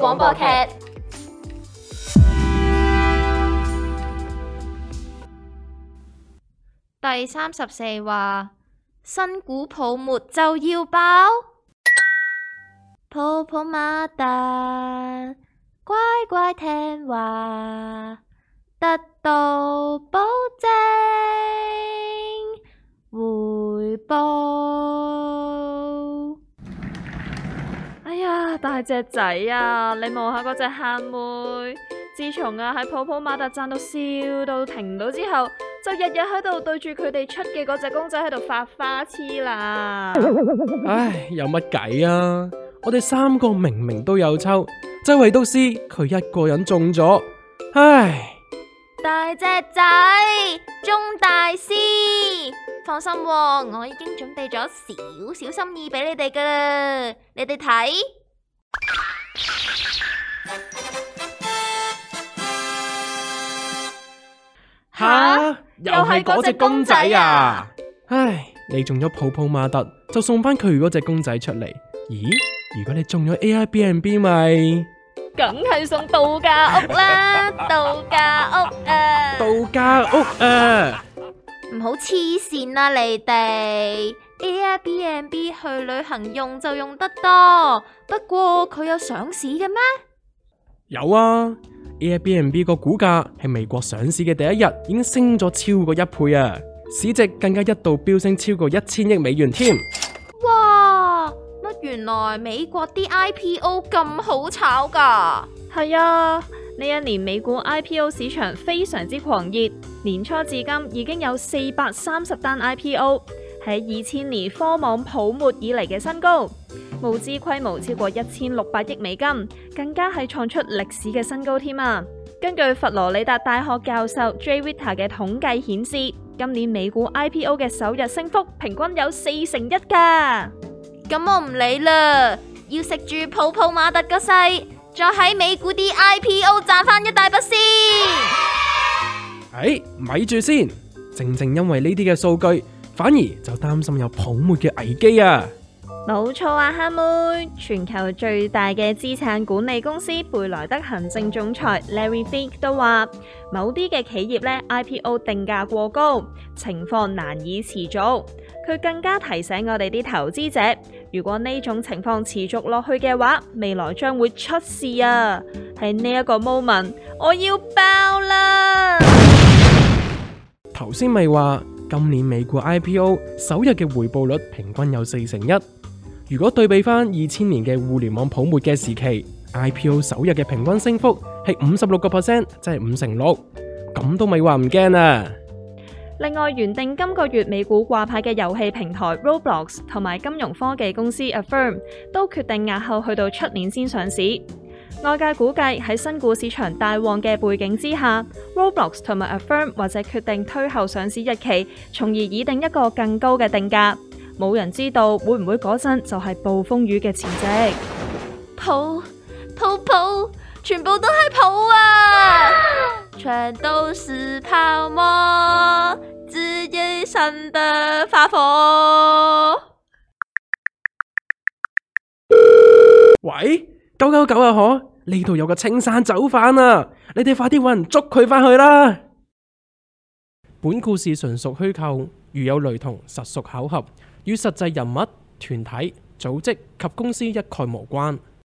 廣播劇播第三十四話：新股泡沫就要爆，泡泡馬特乖乖聽話，得到保證，回報。大隻仔啊，你望下嗰隻喊妹，自從啊喺泡泡馬特站到笑到停到之後，就日日喺度對住佢哋出嘅嗰隻公仔喺度發花痴啦。唉，有乜計啊？我哋三個明明都有抽，周圍都係佢一個人中咗。唉，大隻仔，鍾大師，放心啊，我已經準備咗少少心意俾你哋噶啦，你哋睇。吓，又係嗰隻公仔啊！唉，你中咗泡泡瑪特，就送翻佢嗰隻公仔出嚟。咦？如果你中咗 Airbnb 咪梗係送度假屋啦 度假屋啊！度假屋啊！度假屋啊！唔好黐線啦，你哋！Airbnb 去旅行用就用得多，不過佢有上市嘅咩？有啊，Airbnb 個股價喺美國上市嘅第一日已經升咗超過一倍啊，市值更加一度飆升超過一千億美元添。哇！乜原來美國啲 IPO 咁好炒㗎？係啊，呢一年美股 IPO 市場非常之狂熱，年初至今已經有四百三十單 IPO。喺二千年科網泡沫以嚟嘅新高，募資規模超過一千六百億美金，更加係創出歷史嘅新高添啊！根據佛羅里達大學教授 J. Ritter 嘅統計顯示，今年美股 IPO 嘅首日升幅平均有四成一噶。咁我唔理啦，要食住泡泡馬特個勢，再喺美股啲 IPO 賺返一大筆先。哎，咪住先，正正因為呢啲嘅數據。反而就擔心有泡沫嘅危機啊！冇錯啊，蝦妹！全球最大嘅資產管理公司貝萊德行政總裁 Larry Fink 都話，某啲嘅企業咧 IPO 定價過高，情況難以持續。佢更加提醒我哋啲投資者，如果呢種情況持續落去嘅話，未來將會出事啊！喺呢一個 moment，我要爆啦！頭先咪話。今年美股 IPO 首日嘅回報率平均有四成一，如果對比翻二千年嘅互聯網泡沫嘅時期，IPO 首日嘅平均升幅係五十六個 percent，即係五成六，咁都咪話唔驚啊！另外，原定今個月美股掛牌嘅遊戲平台 Roblox 同埋金融科技公司 Affirm 都決定押後去到出年先上市。外界估計喺新股市場大旺嘅背景之下，Roblox 同埋 Affirm 或者決定推後上市日期，從而擬定一個更高嘅定價。冇人知道會唔會嗰陣就係暴風雨嘅前夕。泡泡泡全部都係泡啊！Yeah! 全都是泡沫，只一剎的花火，喂？九九九啊，可呢度有個青山走犯啊，你哋快啲搵人捉佢返去啦！本故事純屬虛構，如有雷同，實屬巧合，與實際人物、團體、組織及公司一概無關。